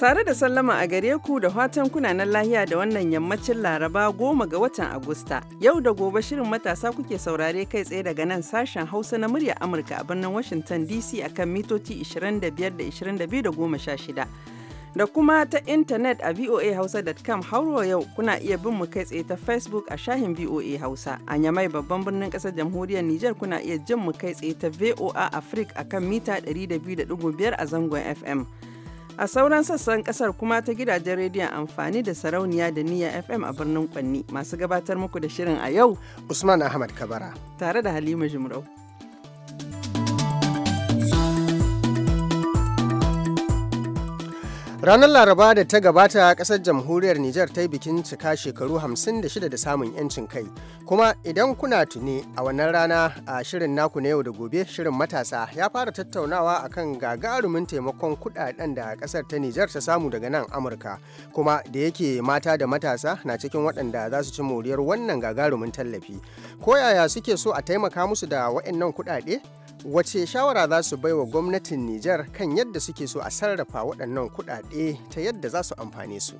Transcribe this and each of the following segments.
Tare da sallama a gare ku da fatan kunanan lahiya da wannan yammacin Laraba goma ga watan Agusta. Yau da gobe shirin matasa kuke saurare kai tsaye daga nan sashen Hausa na murya Amurka a birnin Washington DC akan mitoci 25 da 22 da 16. Da kuma ta intanet a voahausa.com hauro yau kuna iya bin mu kai tsaye ta Facebook a shahin VOA Hausa. A Yamai babban birnin ƙasar jamhuriyar Nijar kuna iya jin mu kai tsaye ta VOA Africa akan mita 102.5 a zangon FM. A sauran sassan kasar kuma ta gidajen rediyon amfani da sarauniya da niyya FM a birnin Kwanni masu gabatar muku da shirin a yau. Usman Ahmad Kabara. Tare da Halima jimrau Ranar Laraba da ta gabata kasar jamhuriyar Nijar ta yi bikin cika shekaru 56 da samun 'yancin kai. Kuma idan kuna tuni a wannan rana a shirin naku na yau da gobe shirin matasa ya fara tattaunawa a kan gagarumin taimakon kudaden da kasar ta Nijar ta samu daga nan Amurka. Kuma da yake mata da matasa na cikin waɗanda za su ci moriyar wannan gagarumin tallafi. Ko yaya suke so a taimaka musu da waɗannan kuɗaɗe? wace shawara za su baiwa gwamnatin Nijar kan yadda suke so a sarrafa waɗannan kuɗaɗe ta yadda za su amfane su.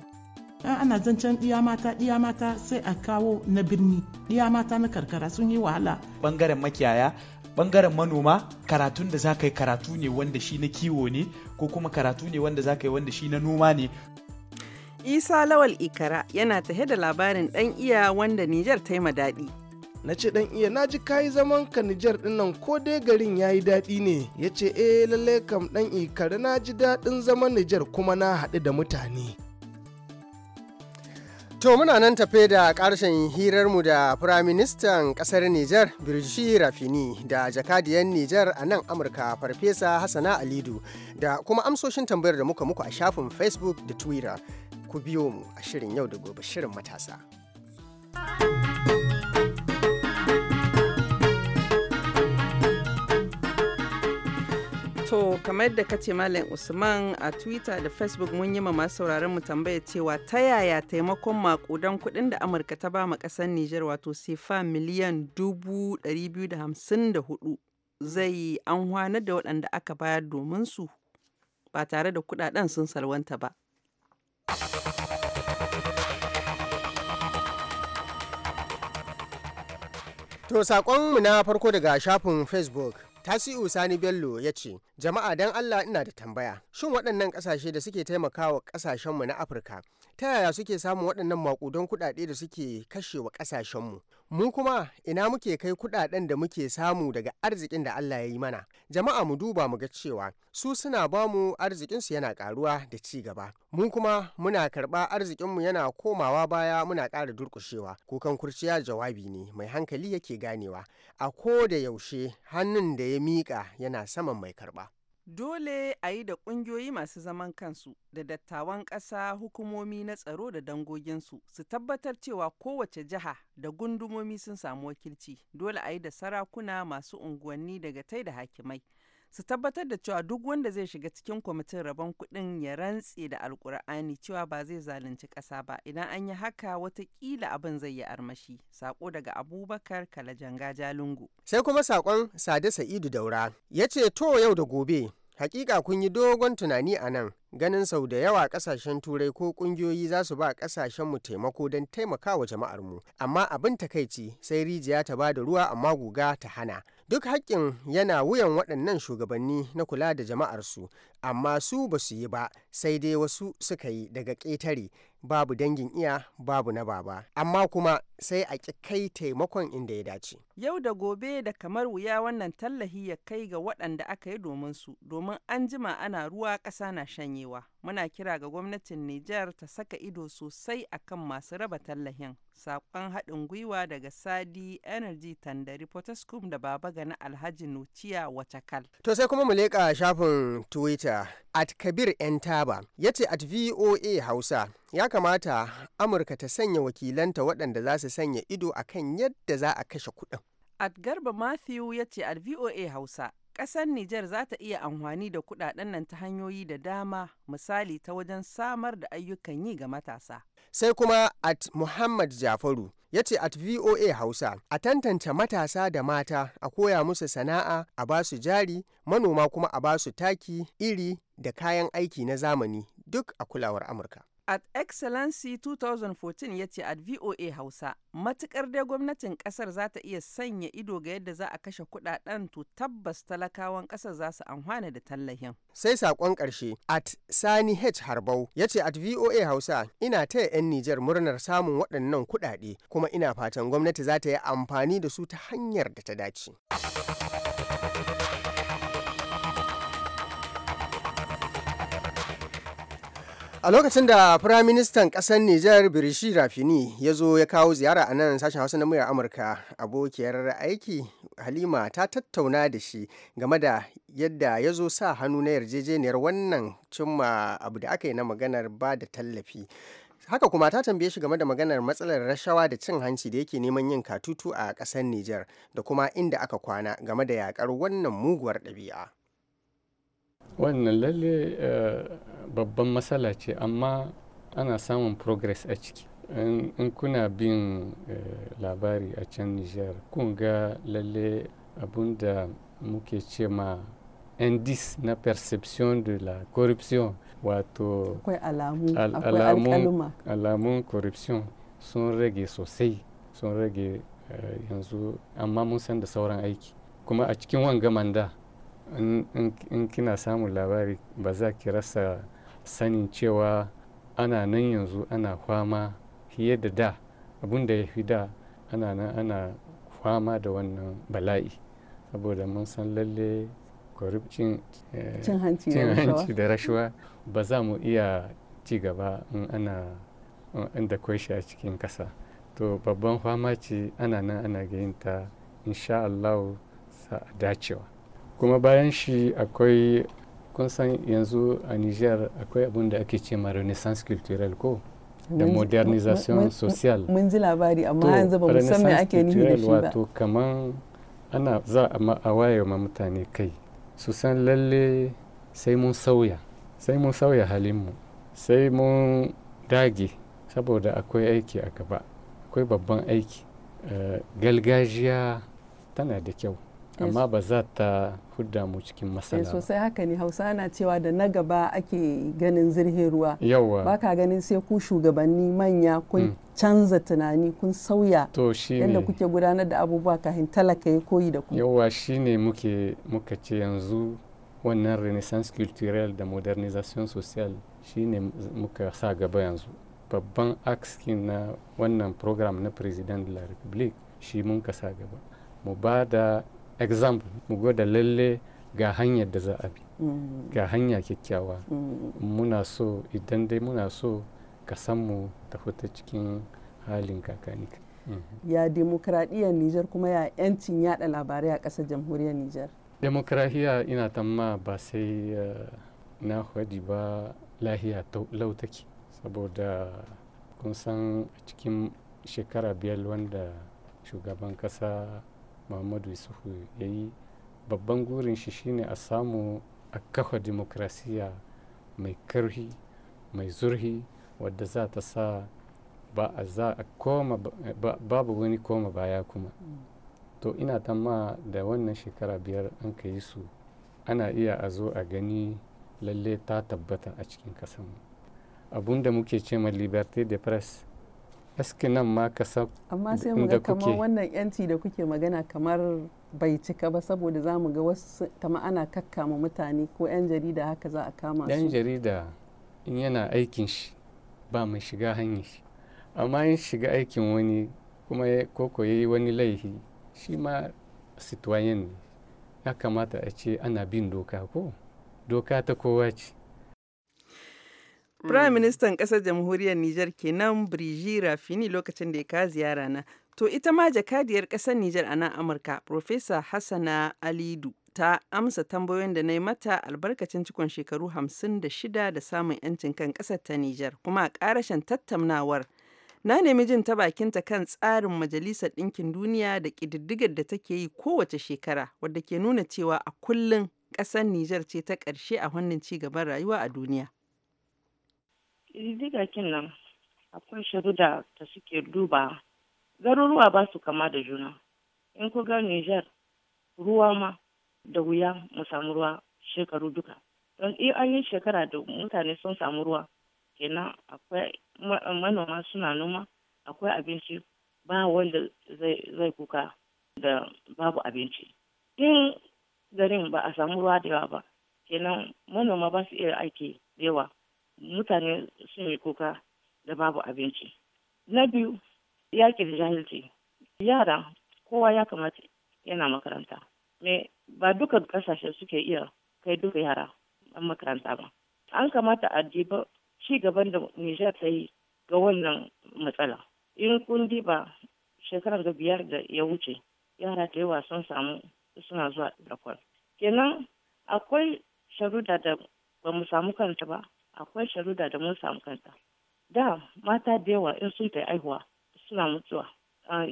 Ɗan ana zancen ɗiya mata ɗiya mata sai a kawo na birni ɗiya mata na karkara sun yi wahala bangaren makiyaya bangaren manoma karatun da za ka yi karatu ne wanda shi na kiwo ne ko kuma karatu ne wanda za ka yi wanda shi na noma ne isa lawal ikara yana tahe da labarin ɗan iya wanda nijar ta yi daɗi na ce dan iya na ji kayi zaman ka Nijar dinnan ko dai garin yayi daɗi ne ya ce eh lalle kam dan ikare na ji daɗin zaman Nijar kuma na haɗu da mutane To muna nan tafe da ƙarshen hirarmu da Firaministan ƙasar Nijar Birji Rafini da jakadiyar Nijar a nan Amurka Farfesa Hassana Alidu da kuma amsoshin tambayar da muka muku a shafin Facebook da Twitter. Ku biyo mu a shirin yau da gobe shirin matasa. To kamar da ce Malam Usman a Twitter da Facebook mun yi ma masu sauraron mu tambaya cewa ta yaya taimakon makudan kuɗin da Amurka ta ba ma ƙasar Nijar wato sefa miliyan dubu ɗari biyu da hamsin da hudu zai an hwana da waɗanda aka bayar domin su ba tare da kuɗaɗen sun salwanta ba. To saƙon mu na farko daga shafin Facebook. Tasi'u Sani Bello ya ce, Jama'a don Allah ina da tambaya, shin waɗannan ƙasashe da suke taimakawa ƙasashenmu na Afirka ta yaya suke samun waɗannan makudan kuɗaɗe da suke kashewa ƙasashenmu mu kuma ina muke kai kuɗaɗen da muke samu daga arzikin da Allah ya yi mana jama'a mu duba mu ga cewa su suna ba mu arzikinsu yana ƙaruwa da ci gaba mu kuma muna karɓa arzikinmu yana komawa baya muna ƙara durƙushewa kukan kurciya jawabi ne mai hankali yake ganewa a ko da yaushe hannun da ya miƙa yana saman mai karɓa Dole a yi da ƙungiyoyi masu zaman kansu da dattawan ƙasa hukumomi na tsaro da dangoginsu su tabbatar cewa kowace jiha da gundumomi sun samu wakilci. Dole a yi da sarakuna masu unguwanni daga tai da hakimai. Su tabbatar da cewa duk wanda zai shiga cikin kwamitin rabon kuɗin ya rantse da alkur'ani cewa ba zai zalunci ƙasa ba idan an yi haka watakila abin zai yi armashi. Sako daga Abubakar Kalajanga jalungu Sai kuma sakon Sade Sa'idu Daura ya ce to yau da gobe Hakika kun yi dogon tunani a nan, ganin sau da yawa kasashen Turai ko kungiyoyi za su ba kasashenmu taimako don taimakawa jama'armu, amma abin takaici sai rijiya ta ba da ruwa amma guga ta hana. Duk haƙƙin yana wuyan waɗannan shugabanni na kula da jama'arsu, amma su ba su yi ba, sai dai wasu suka yi daga ƙetare. babu dangin iya babu na baba amma kuma sai a ƙi kai taimakon inda ya dace. Yau da gobe da kamar wuya wannan tallahi ya kai ga waɗanda aka yi domin su domin an jima ana ruwa ƙasa na shanyewa. muna kira ga gwamnatin Nijar ta saka ido sosai akan masu raba tallahin. Sakon haɗin gwiwa daga Sadi Energy Tandari Potoskum da Baba Gani Alhaji Nuciya Watakal. To sai kuma mu leƙa shafin Twitter at Kabir Taba ya ce at VOA Hausa ya kamata Amurka ta sanya wakilanta waɗanda za su sanya ido akan yadda za a kashe kuɗin. At Garba Matthew ya ce at VOA Hausa ƙasar Nijar za ta iya amfani da kuɗaɗen nan ta hanyoyi da dama misali ta wajen samar da ayyukan yi ga matasa. Sai kuma at Muhammad Jafaru ya ce at VOA Hausa a tantance matasa da mata a koya musu sana'a a basu jari manoma kuma a basu taki iri da kayan aiki na zamani duk a kulawar Amurka. At Excellency 2014 ya ce at VOA Hausa, matukar dai gwamnatin kasar za ta iya sanya ido ga yadda za a kashe kudaden to tabbas talakawan kasar za su amfana da tallahin. Sai sakon karshe at Sani H Harbau ya ce at VOA Hausa ina taya 'yan Nijar murnar samun waɗannan kudade kuma ina fatan gwamnati za ta yi amfani da su ta hanyar da ta dace. a lokacin da firayim ministan ƙasar nijar birishi rafini ya zo ya kawo ziyara a nan sashen hausa na muryar amurka abokiyar aiki halima ta tattauna da shi game da yadda ya zo sa hannu na yarjejeniyar wannan cimma abu da aka yi na maganar ba da tallafi haka kuma ta tambaye shi game da maganar matsalar rashawa da cin hanci da yake neman yin katutu a ƙasar nijar da kuma inda aka kwana game da yakar wannan muguwar ɗabi'a. wannan lalle eh, babban matsala ce amma ana samun progress a ciki in kuna bin eh, labari a can nijar kun ga lalle abinda muke ce ma indice na perception de la corruption wato alamun corruption sun rage sosai sun rage eh, yanzu amma mun san da sauran aiki kuma a cikin wanga manda in kina samun labari ba za ki rasa sanin cewa ana nan yanzu ana kwama fiye da da abun da ya fi da ana nan ana kwama da wannan bala'i saboda mun san lalle eh, cin hanci da rashuwa ba za mu iya ci gaba in ana inda shi a cikin ƙasa to babban fama ce ana nan ana gayin ta insha sa dacewa kuma bayan shi akwai kun san yanzu a niger akwai abin da ake ce ma renaissance culturelle ko da modernization social mun ji labari amma yanzu ba me ake nufi da shi ba wato kaman ana za a waye ma mutane kai su san lalle sai mun sauya sai mun sauya halinmu sai mun dage saboda akwai aiki a gaba akwai babban aiki eh, galgajiya tana da kyau amma ba za ta hudda mu cikin masana eh, ba sosai haka ne hausa na cewa da na gaba ake ganin zirhe ruwa yawa ba ka ganin sai ku shugabanni manya kun mm. canza tunani kun sauya yadda kuke gudanar da abubuwa kafin talaka ya koyi da ku yawa shi ne muka ce yanzu wannan renaissance culturelle da modernisation sociale ne muka sa gaba yanzu babban askin na wannan program na president de la republique shi mun ka sa gaba mu ba da example mu gwada lalle ga hanyar da za a bi mm. ga hanya kyakkyawa mm. muna so idan dai muna so ka san mu ta fita cikin halin kakani mm-hmm. ya demokradiyyar nijar kuma ya 'yancin yada labarai a ƙasar jamhuriyar nijar demokradiyya ina tamma ba sai eh, na hwaji ba lahiya lau take saboda kun san cikin shekara biyar wanda shugaban kasa muhammadu yusufu ya yi babban gurin shi shine a samu a kafa demokrasiya mai karhi mai zurhi wadda za ta sa ba a za a koma babu wani koma baya kuma to ina tamma da wannan shekara biyar an ka yi su ana iya a zo a gani lalle ta tabbata a cikin kasanmu abun da muke ce ma liberté de presse aski nan ma ka sab amma sai mu ga kamar wannan yanci da kuke magana kamar bai cika ba saboda za mu ga wasu kama ana kakkama mutane ko yan jarida haka za a kama su yan jarida in yana aikin shi ba mai shiga hanyar shi amma in shiga aikin wani kuma koko ya yi wani laifi shi ma situayen ne ya kamata a ce ana bin doka ko doka ta kowa ce Firaministan mm. ƙasar jamhuriyar Nijar kenan Brigitte Rafini lokacin da ya ka ziyara na. To ita ma jakadiyar ƙasar Nijar a nan Amurka, Profesa Hassana Alidu ta amsa tambayoyin da na yi mata albarkacin cikon shekaru hamsin da shida da samun 'yancin kan ƙasar ta Nijar, kuma a ƙarashen tattaunawar. Na nemi jin ta bakinta kan tsarin Majalisar Ɗinkin Duniya da ƙididdigar da take yi kowace shekara, wadda ke nuna cewa a kullum ƙasar Nijar ce ta ƙarshe a wannan ci gaban rayuwa a duniya. kin nan akwai sharuda da ta suke duba garuruwa ba su kama da juna in ku ga Nijar ruwa ma da wuya mu samu ruwa shekaru duka don in an yi shekara da mutane sun samu ruwa kenan akwai manoma suna noma akwai abinci ba wanda zai kuka da babu abinci in garin ba a samu ruwa da yawa ba kenan manoma ba su iya aiki da yawa mutane sun yi kuka da babu abinci na biyu yaƙi da jahilci yara kowa ya kamata yana makaranta me ba duka ƙasashe suke iya kai duka yara a makaranta ba an kamata a diba ci gaban da Nijar ta yi ga wannan matsala in kun diba shekarar da biyar da ya wuce yara da yawa sun samu suna zuwa dakwal kenan akwai sharuda da ba mu samu kanta ba akwai sharuda da mun samu kanta da mata da yawa in sun tai aihuwa suna mutuwa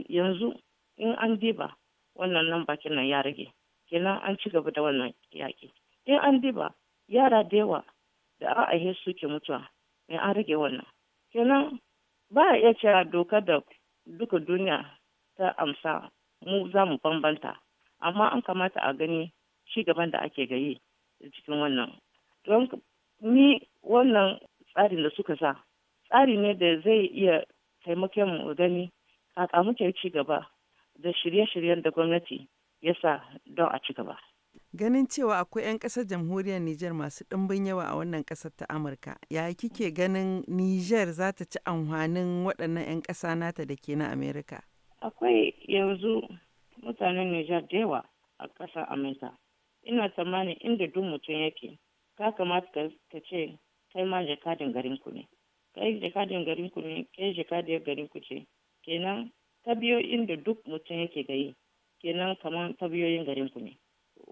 yanzu in an diba wannan nan bakin nan ya rage kenan an ci gaba da wannan yaƙi in an diba yara da yawa da a aihe su ke mutuwa in an rage wannan kenan ba a iya cewa doka da duka duniya ta amsa mu za mu bambanta amma an kamata a gani ci gaban da ake gayi cikin wannan don ni wannan tsarin da suka sa tsari ne da zai iya taimakon gani kaka ci gaba da shirye-shiryen da gwamnati ya sa don a ci gaba. Ganin cewa akwai 'yan ƙasar jamhuriyar Nijar masu ɗimbin yawa a wannan ƙasar ta Amurka, ya kike ganin Nijar za ta ci amfanin waɗannan 'yan ƙasa nata da ke na Amerika? Akwai yanzu mutanen Nijar da yawa a ƙasar Amurka. Ina tsammanin inda duk mutum yake, ka kamata ka ce kai ma jakadin garin ku ne kai jakadin garin ku ne kai jakadin garin ku ce kenan ta biyo inda duk mutum yake gayi kenan kamar ta biyoyin garin ku ne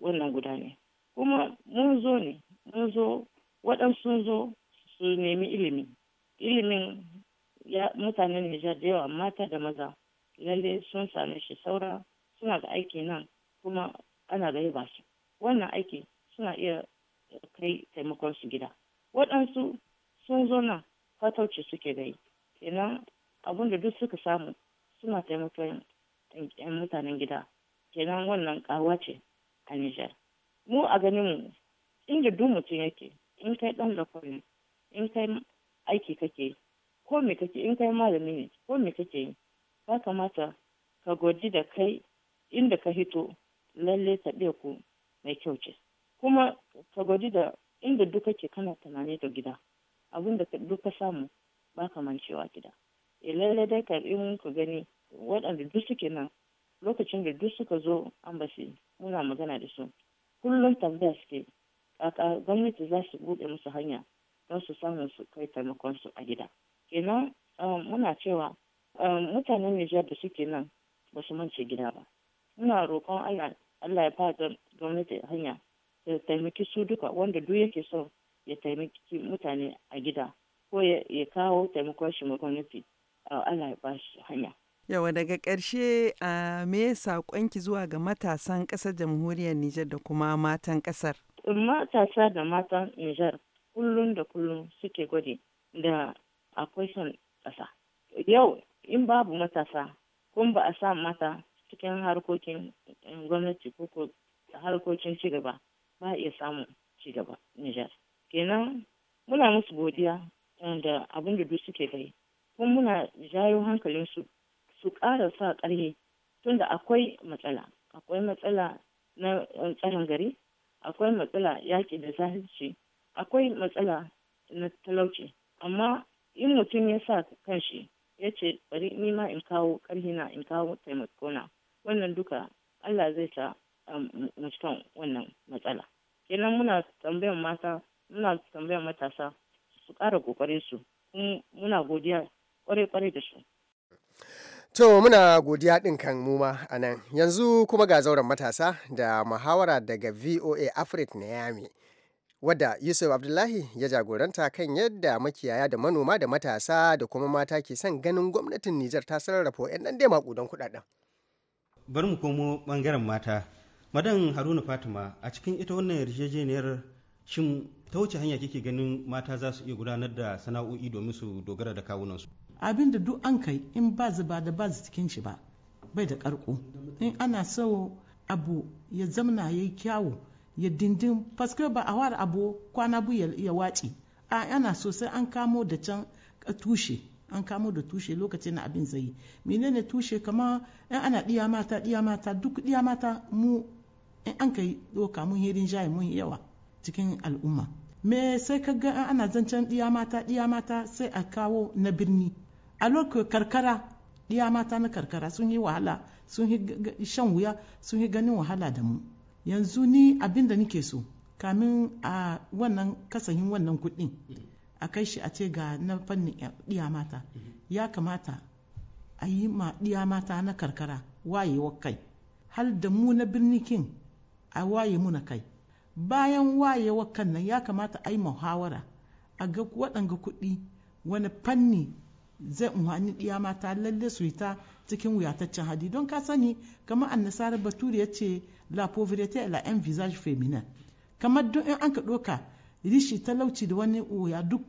wannan guda ne kuma mun zo ne mun zo waɗansu zo su nemi ilimi ilimin ya mutanen Nijar da yawa mata da maza lalle sun same shi saura suna da aiki nan kuma ana da ba su wannan aiki suna iya kai taimakon su gida waɗansu sun zo nan fatauci suke da yi kenan abin da duk suka samu suna taimakon yan mutanen gida kenan wannan karuwa ce a Nijar. Mu a ganinmu inda duk mutum yake in kai ɗan lakwai in kai aiki kake ko me kake in kai malami ne ko me kake yi ba kamata ka gwaji da kai inda ka hito lalle ɗe ku mai kyau ce. kuma ka gwaji da inda duk kake kana tunani da gida abin da duk ka samu ba ka mancewa gida e lalle dai karbi mun ka gani waɗanda duk suke nan lokacin da duk suka zo ambasi muna magana da su kullum tambaya suke kaka gwamnati za su buɗe musu hanya don su samu su kai taimakon su a gida kenan um, muna cewa um, mutanen Nijar da suke nan ba su mance gida ba muna roƙon Allah ya fata gwamnati hanya ta taimaki su duka wanda duk yake son ya taimaki mutane a gida ko ya kawo taimakon shi gwamnati Allah ya ba hanya. Yawa daga ƙarshe a me saƙonki zuwa ga matasan ƙasar jamhuriyar Nijar da kuma matan ƙasar? Matasa da matan Nijar kullum da kullum suke gwade da akwai son ƙasa. Yau in babu matasa kun ba a sa mata cikin harkokin gwamnati ko harkokin cigaba ba iya samun ci gaba Nijar. Kenan muna musu godiya da abin da duk suke gai. kun muna jayo hankalin su ƙara sa ƙarhe tunda akwai matsala. Akwai matsala na eh, tsarin gari, akwai matsala yaƙi da zahirci, akwai matsala na talauci. Amma in mutum ya sa kanshi ya ce bari nima in kawo ƙarhina in kawo taimakona wannan duka Allah zai sa na um, cikin wannan matsala kenan muna tambayan mata muna tambayan matasa su ƙara ƙoƙarin su muna godiya kwarai-kwarai da su To muna godiya ɗin kan muma a nan yanzu kuma ga zauren matasa da muhawara daga VOA Africa yami wadda yusuf abdullahi ya jagoranta kan yadda makiyaya da manoma da matasa da kuma mata ke son ganin gwamnatin nijar ta sarrafa 'yan ɗan dai makudan kudaden bari mu komo bangaren mata madan haruna fatima a cikin ita wannan yarjejeniyar shin ta wuce hanya kike ganin mata za su iya gudanar da sana'o'i domin su dogara da kawunansu abin da duk an kai in ba ba da ba cikin shi ba bai da karko in ana so abu ya zamna ya yi kyawu ya dindin paske ba a wara abu kwana bu ya waci a ana so sai an kamo da can tushe an kamo da tushe lokacin na abin zai menene tushe kama in ana diya mata diya mata duk diya mata mu in an yi doka mun hirin jaye mun yawa cikin al'umma me sai ka ga ana zancen diya mata diya mata sai a kawo na birni a lokacin karkara diya mata na karkara sun yi wahala sun yi shan wuya sun yi ganin wahala da mu yanzu ni abin da nike so kamin a wannan kasahin wannan kuɗin a kai shi a ce ga na fannin diya mata ya kamata a yi ma diya mata na karkara wayewa kai hal da mu na birnikin a waye muna kai bayan wayewa wakan nan ya kamata a yi muhawara a ga waɗanga kuɗi wani fanni zai umarni ɗiya mata lalle su yi ta cikin wuyataccen hadi don ka sani kamar annasarar bature ya ce la pauvreté la un visage féminin kamar don in an ka ɗoka rishi talauci da wani wuya duk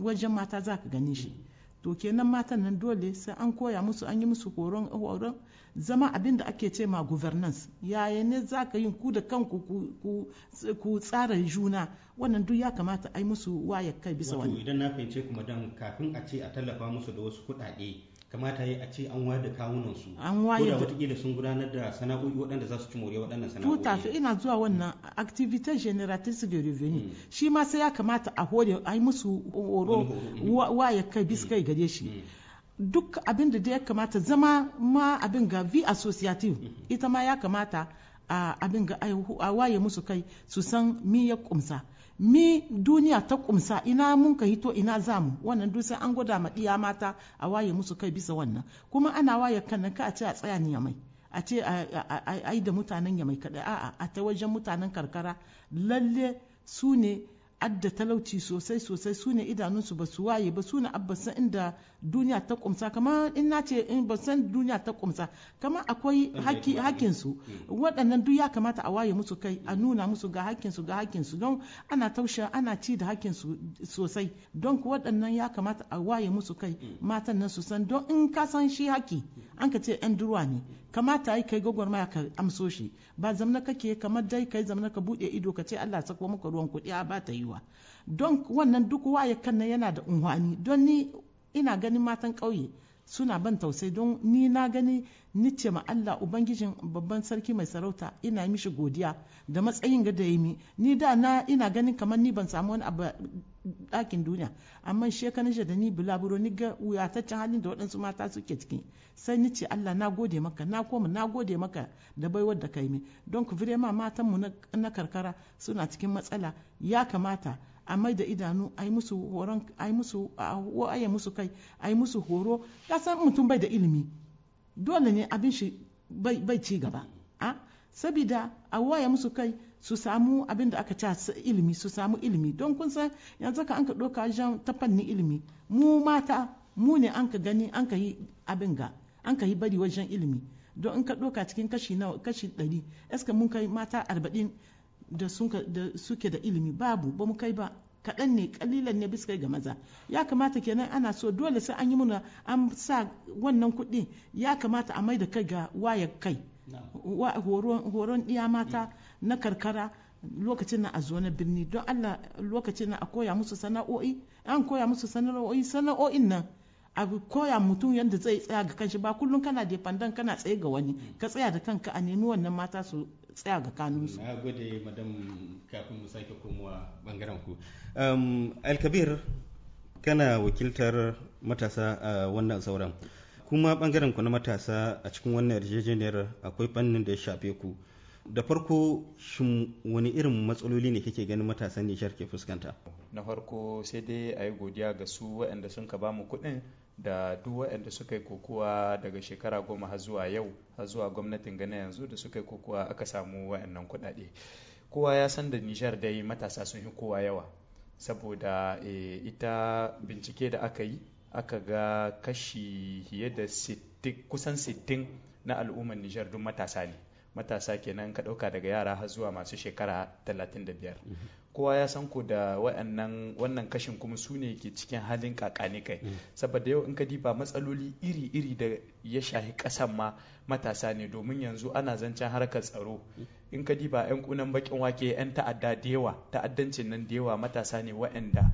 wajen mata za ka gani shi to kenan matan nan dole sai an koya musu an yi musu horon horon zama abin da ake ce ma governance yaya ne za ka yin ku da kanku ku tsara juna wannan duk ya kamata a ai musu waye kai bisa wani idan na fahimce kuma dan kafin a ce a tallafa musu da wasu kuɗaɗe kamata yi a ce an wayar da kawunan su an wayar da watakila sun gudanar da sana'o'i waɗanda za su ci moriya waɗannan sana'o'i tuta su ina zuwa wannan activité génératrice de revenu hmm. shi ma sai ya kamata a hore yi musu horo hmm. waye kai biskai hmm. gare shi duk abin da ya kamata zama ma abin ga vi associative ita ma ya kamata a abin ga a waye musu kai su san mi ya kumsa mi duniya ta kumsa ina mun ka hito ina zamu wannan duk sai an gwada ma diya mata a waye musu kai bisa wannan kuma ana waye kan ka a ce a tsaya ni mai a ce ai da mutanen yamai mai kaɗai a'a a ta wajen mutanen karkara lalle su ne adda talauci sosai sosai su ne idanunsu ba su waye ba su ne abbasan inda duniya ta kumsa kama in na ce in ba san duniya ta kumsa kama akwai hakinsu hmm. waɗannan duk ya kamata a waye musu kai a nuna musu ga hakinsu ga hakinsu don ana taushe ana ci da hakinsu sosai don waɗannan ya kamata a waye musu kai hmm. matan nan su san don in ka san shi haki hmm. an ka ce yan durwa ne kamata ai kai gwagwarmaya ka amso shi ba zamna kake kamar dai kai zamna ka buɗe ido ka ce Allah sako maka ruwan kuɗi a ba ta yiwa don wannan duk waye kan yana da unhwani don ni ina ganin matan ƙauye suna ban tausai don ni na gani ni ce ma Allah ubangijin babban sarki mai sarauta ina mishi godiya da matsayin ga da yi ni da na ina ganin kamar ni ban samu wani abu dakin duniya amma shekaran da ni bulaburo ni ga wuyataccen halin da waɗansu mata suke ciki sai ni ce Allah na gode maka na koma na gode maka da baiwar da kai mi don ku ma matan mu na karkara suna cikin matsala ya kamata a mai da idanu a yi musu horon a yi musu aya musu kai a yi musu horo kasan mutum bai da ilimi dole ne abin shi bai ci gaba a sabida a waye musu kai su samu abin da aka ci ilimi su samu ilimi don kun san yanzu ka an ka ɗauka jan ta fanni ilimi mu mata mu ne an ka gani an ka yi abin ga an ka yi bari wajen ilimi don in ka ɗauka cikin kashi nawa, kashi ɗari eska mun kai mata arba'in da suke da ilimi babu ba mu kai ba kaɗan ne kalilan ne bisa ga maza ya kamata kenan ana so dole sai an yi muna an sa wannan kuɗi ya kamata a mai da kai ga wayar kai horon ɗiya mata mm. na karkara lokacin na a zo na birni don allah lokacin na a koya musu sana'o'i an koya musu sana'o'i sana'o'in nan a koya mutum yadda zai tsaya ga kanshi ba kullum kana defandan kana tsaye ga wani mm. ka tsaya da kanka a nemi wannan mata su tsaya ga kanunsu na gode madam kafin mu sake komowa bangaren ku um, alkabir kana wakiltar matasa a wannan sauran kuma bangaren ku na matasa a cikin wannan yarjejeniyar akwai fannin da ya shafe ku da farko shin wani irin matsaloli ne kake ganin matasan nishar ke fuskanta na farko sai dai a yi godiya ga su waɗanda sun ka bamu kuɗin da duk waɗanda suka yi kokowa daga shekara goma har zuwa yau har zuwa gwamnatin gana yanzu da suka yi kokowa aka samu waɗannan kuɗaɗe kowa ya san da nijar dai matasa sun yi kowa yawa saboda eh, ita bincike da aka yi aka ga kashi fiye da kusan 60 na al'ummar nijar duk matasa ne matasa kenan ka ɗauka daga yara har zuwa masu shekara 35 mhm. kowa ya san ko da wannan kashin kuma su ne ke cikin halin kakani kai mhm. saboda yau in ka diba matsaloli iri-iri da ya shahi kasan ma matasa ne domin yanzu ana zancen harkar tsaro mhm. in ka diba 'yan kunan bakin wake 'yan ta'adda da yawa ta'addancin nan da yawa matasa ne wa'anda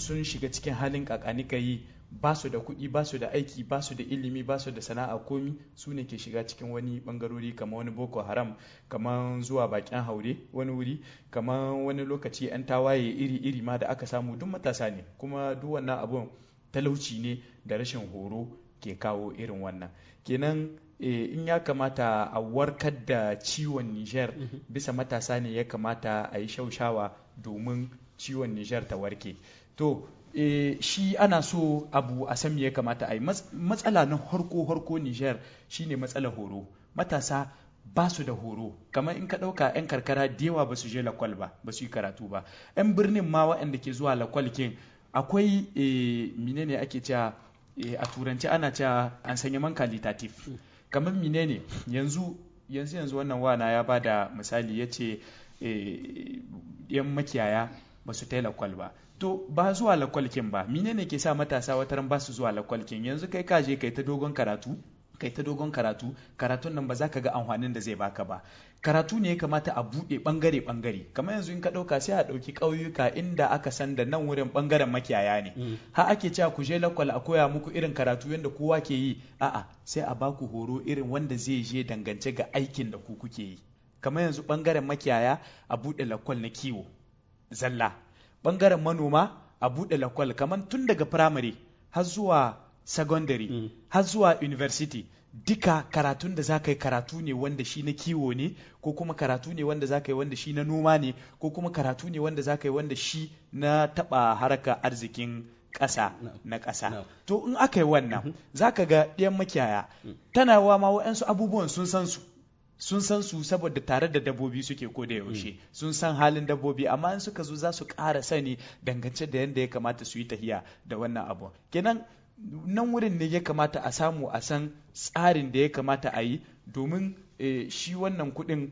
sun shiga cikin halin kakani kai ba su da kuɗi ba su da aiki ba su da ilimi ba su da sana'a komi su ne ke shiga cikin wani bangarori kamar wani boko haram kamar zuwa bakin haure wani wuri kamar wani lokaci 'yan tawaye iri-iri ma da aka samu duk matasa ne kuma duk wannan abun talauci ne da rashin horo ke kawo irin wannan kenan eh, in ya kamata a warkar da ciwon niger mm-hmm. bisa matasa ne ya kamata a yi shaushawa domin ciwon niger ta warke to Eh, shi ana so abu a san ya kamata a yi matsala na harko harko niger ne matsala horo matasa ba su da horo kamar in ka ɗauka 'yan karkara da yawa ba su je lakwal ba ba su yi karatu ba 'yan birnin ma waɗanda ke zuwa lakwal kin akwai eh, ne ake cewa eh, a turanci ana cewa an sanya man kalitatif kamar ne yanzu yanzu yanzu wannan wana ya ba da misali ya ce 'yan makiyaya ba su taila lakwal ba to ba zuwa lakwalkin ba menene ke sa matasa wataran ba su zuwa lakwalkin yanzu kai ka je kai ta dogon karatu kai ta dogon karatu karatun nan ba za ka ga amfanin da zai baka ba karatu ne ya kamata a buɗe bangare bangare kamar yanzu in ka ɗauka sai a ɗauki ƙauyuka inda aka san da nan wurin bangaren makiyaya ne mm. ha ake cewa ku je lakwal a koya muku irin karatu yadda kowa ke yi a'a sai a baku horo irin wanda zai je dangance ga aikin da ku kuke yi kamar yanzu bangaren makiyaya a buɗe lakwal na kiwo zalla bangaren manoma a buɗe lakwal kamar tun daga firamare har zuwa secondary mm. har zuwa university duka karatun da za ka yi karatu ne wanda shi na kiwo ne ko kuma karatu ne wanda za ka yi wanda shi na noma ne ko kuma karatu ne wanda za ka yi wanda shi na taɓa harkar arzikin ƙasa na ƙasa to in aka yi wannan mm-hmm. za ka ga ɗiyan makiyaya mm. tana wa ma waɗansu abubuwan sun san su sun san su saboda tare da dabbobi suke ko da yaushe mm. sun san halin dabbobi amma in suka zo za su kara sani dangance da yadda ya kamata su yi tahiya da wannan abu kenan nan wurin ne ya kamata a samu a san tsarin da ya kamata a yi domin eh, shi wannan kuɗin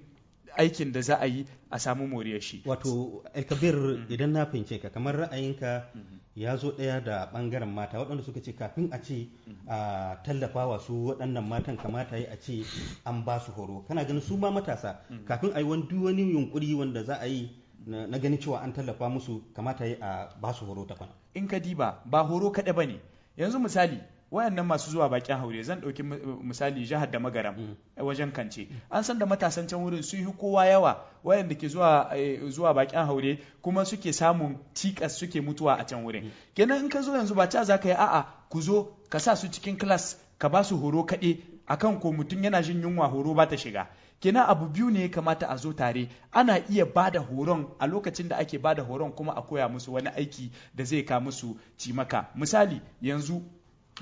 aikin da za a yi a samu moriyar shi wato alkabir mm-hmm. idan na fahimce ka kamar ra'ayinka mm-hmm. ya zo ɗaya da ɓangaren mata waɗanda suka ce kafin a ce mm-hmm. a tallafa wa su waɗannan matan kamata yi a ce an ba su horo kana ganin su ma matasa kafin a yi wani wani yunkuri wanda za a yi na ganin cewa an tallafa musu kamata yi a ba su horo ta kwana in ka diba ba horo kaɗai ba ne yanzu misali wayannan masu zuwa bakin haure zan ɗauki misali jihar da magaram mm. eh, wajen kance mm. an san da matasan can wurin su yi kowa yawa wayanda ke zuwa eh, zuwa bakin haure kuma suke samun tikas suke mutuwa a can wurin mm. kenan in ka zo yanzu ba ca za ka yi a'a ku zo ka sa su cikin class ka ba su horo kaɗe akan ko mutum yana jin yunwa horo ba ta shiga kenan abu biyu ne ya kamata a zo tare ana iya ba da horon a lokacin da ake bada horon kuma a koya musu wani aiki da zai ka musu cimaka misali yanzu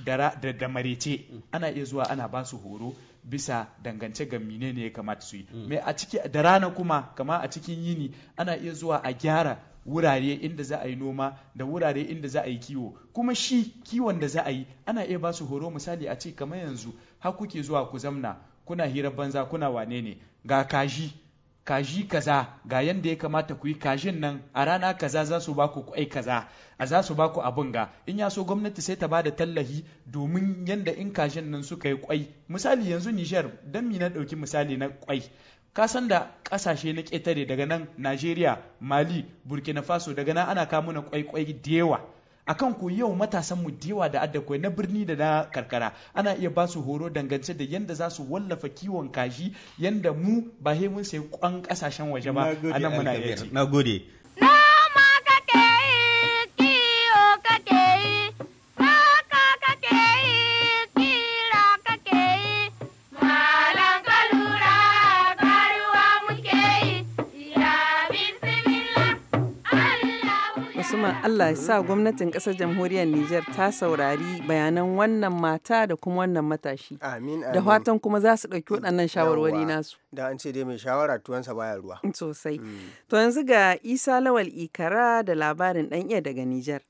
da marece ana iya zuwa ana ba su horo bisa dangance ga mine ne ya kamata su yi mai mm. a ciki da rana kuma kama a cikin yini ana iya zuwa a gyara wurare inda za a yi noma da wurare inda za a yi kiwo kuma shi kiwon da za a yi ana iya ba su horo misali a ce kamar yanzu har kuke zuwa ku zamna kuna hirar banza kuna wane ne ga kaji kaji kaza ga yanda ya kamata ku yi kajin nan a rana kaza za su baku kwai kaza a za su baku abin ga in ya so gwamnati sai ta ba da tallahi domin yanda in kajin nan suka yi kwai misali yanzu Nijar dan mi na dauki misali na kwai ka san da kasashe na ketare daga nan Najeriya Mali Burkina Faso daga nan ana kawo na kwai kwai da yawa akan ku yau matasan mu diwa da adda na birni da na karkara ana iya ba su horo dangance da yanda za su wallafa kiwon kaji yanda mu ba he mun sai kwan kasashen waje ba anan muna yaji nagode Allah ya sa gwamnatin ƙasar jamhuriyar Nijar ta saurari bayanan wannan mata da kuma wannan matashi. Amin, Da fatan kuma za su ɗauki waɗannan shawarwari nasu. Da an ce dai mai shawara tuwansa baya ruwa. Sosai. Mm. To yanzu ga Isa Lawal Ikara da labarin ɗan iya daga Nijar.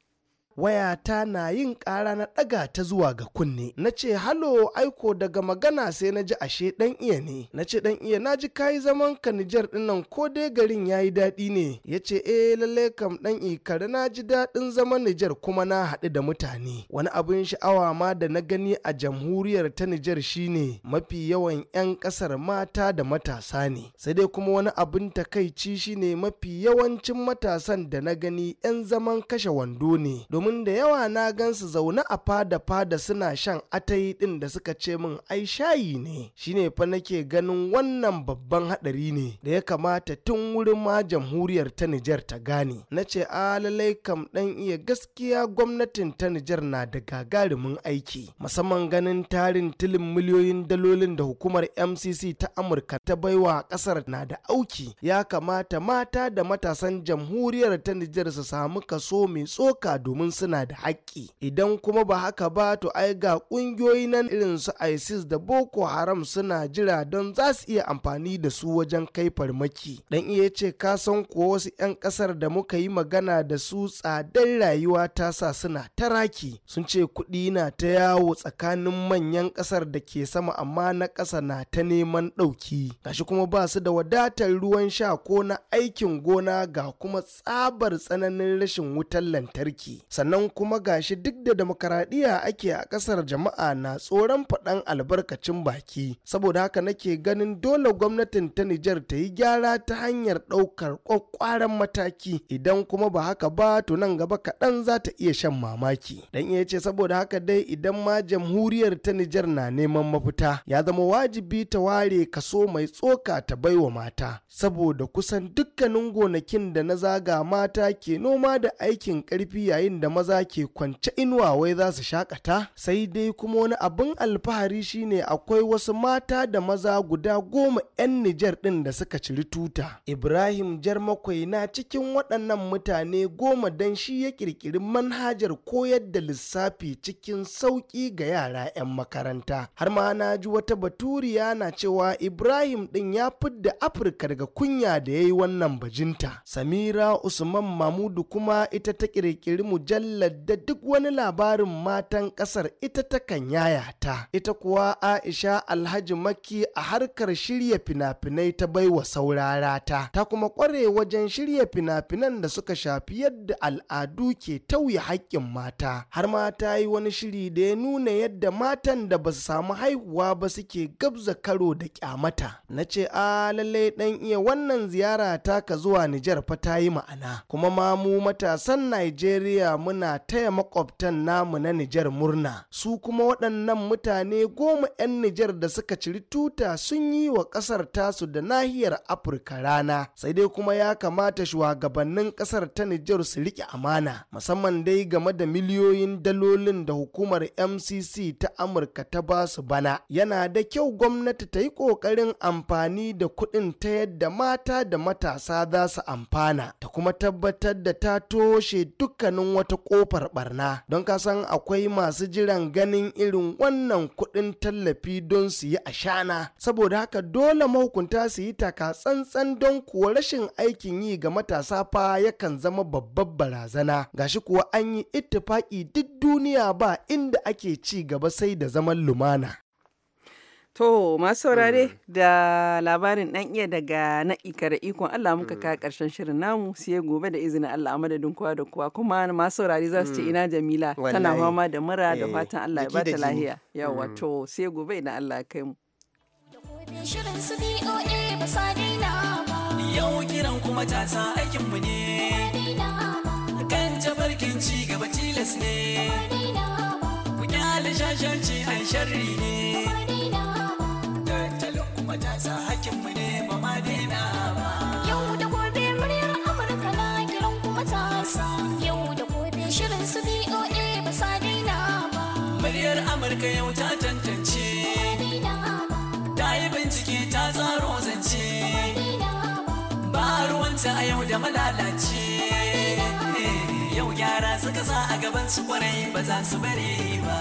wayata na yin ƙara na ɗaga ta zuwa ga kunne na ce halo aiko daga magana sai na ji ashe ɗan iya ne na ce ɗan iya na ji kayi zaman ka nijar ɗinnan ko dai garin ya yi daɗi ne ya ce eh lalle kam ɗan ikare na ji daɗin zaman nijar kuma na haɗu da mutane wani abin sha'awa ma da na gani a jamhuriyar ta nijar shine mafi yawan 'yan ƙasar mata da matasa ne sai dai kuma wani abin takaici shine mafi yawancin matasan da na gani 'yan zaman kashe wando ne domin domin da yawa na gansu zaune a fada fada suna shan atayi din da suka ce min ai shayi ne shine fa nake ganin wannan babban hadari ne da ya kamata tun wurin ma jamhuriyar ta Nijar ta gane na ce a lalai kam dan iya gaskiya gwamnatin ta Nijar na da gagarumin aiki musamman ganin tarin tilin miliyoyin dalolin da hukumar MCC ta Amurka ta baiwa kasar na da auki ya kamata mata da matasan jamhuriyar ta Nijar su samu kaso mai tsoka domin suna da haƙƙi idan kuma ba haka ba to ai ga ƙungiyoyi nan irin su isis da boko haram suna jira don za su iya amfani da su wajen kai farmaki dan iya ce ka san kuwa wasu 'yan ƙasar da muka yi magana da su tsadar rayuwa ta sa suna taraki sun ce kuɗi na ta yawo tsakanin manyan ƙasar da ke sama amma na ƙasa na ta neman ɗauki gashi kuma ba su da wadatar ruwan sha ko na aikin gona ga kuma tsabar tsananin rashin wutar lantarki sannan nan kuma gashi duk da demokaradiyya ake a kasar jama'a na tsoron faɗan albarkacin baki saboda haka nake ganin dole gwamnatin ta Nijar ta yi gyara ta hanyar ɗaukar ƙwaƙƙwaran mataki idan kuma ba haka ba to nan gaba kaɗan za ta iya shan mamaki dan iya ce saboda haka dai idan ma jamhuriyar ta Nijar na neman mafita ya zama wajibi ta ware kaso mai tsoka ta baiwa mata saboda kusan dukkanin gonakin da na zaga mata ke noma da aikin ƙarfi yayin da da maza ke kwance inuwa wai za su shakata sai dai kuma wani abin alfahari shine akwai wasu mata da maza guda goma 'yan Nijar din da suka ciri tuta. Ibrahim Jarmakwai na cikin waɗannan mutane goma don shi ya ƙirƙiri manhajar koyar da lissafi cikin sauƙi ga yara 'yan makaranta. Har ma na ji wata baturiya na cewa Ibrahim din ya fidda Afirka daga kunya da ya yi wannan bajinta. Samira Usman Mamudu kuma ita ta ƙirƙiri mujallar mujallar duk wani labarin matan ƙasar ita takan yayata. Ita kuwa Aisha Alhaji Maki a harkar shirya fina-finai ta baiwa saurara ta, ta kuma kware wajen shirya fina-finan da suka shafi yadda al'adu ke tauye haƙƙin mata. Har ma ta yi wani shiri da ya nuna yadda matan da ba su samu haihuwa ba suke gabza karo da kyamata. Na ce a lallai 'dan iya wannan ziyara ta ka zuwa Nijar fa ta yi ma'ana. Kuma mamu matasan Najeriya muna taya makwabtan namu na Nijar murna. Su kuma waɗannan mutane goma 'yan Nijar da suka ciri tuta sun yi wa ƙasar tasu da nahiyar Afirka rana. Sai dai kuma ya kamata shugabannin ƙasar ta Nijar su riƙe amana, musamman dai game da miliyoyin dalolin da hukumar MCC ta Amurka ta ba su bana. Yana da kyau gwamnati ta yi ƙoƙarin amfani da kuɗin ta yadda mata da matasa za su amfana, ta kuma tabbatar da ta toshe dukkanin wata kofar barna don kasan akwai masu jiran ganin irin wannan kuɗin tallafi don su yi ashana saboda haka dole mahukunta su yi taka tsantsan don kuwa rashin aikin yi ga matasa fa yakan zama babbar barazana gashi kuwa an yi ittifaki duk duniya ba inda ake ci gaba sai da zaman lumana To masu saurare hmm. da labarin ɗan iya daga na ikara ikon Allah muka hmm. ka karshen shirin namu sai gobe da izinin Allah a madadin kowa da kowa kuma masu saurare za su ce hmm. ina Jamila tana fama da mura da eh, fatan Allah ya bata lahiya. Yawa to sai gobe idan Allah kai mu. Shirin su ba Yau kiran kuma ta sa aikin mu ne. Kan jabarkin ci gaba tilas ne. Ku kyale shashanci an sharri ne. ƙasa mu ne ba ma daina ba. Yau da gobe muryar Amurka na kiran kuma tasa. Yau da gobe shirin su BOA ba sa daina ba. Muryar Amurka yau ta tantance. Ta yi bincike ta tsaro zance. Ba ruwanta a yau da malalace. Yau gyara suka sa a gaban su kwarai ba za su bare ba.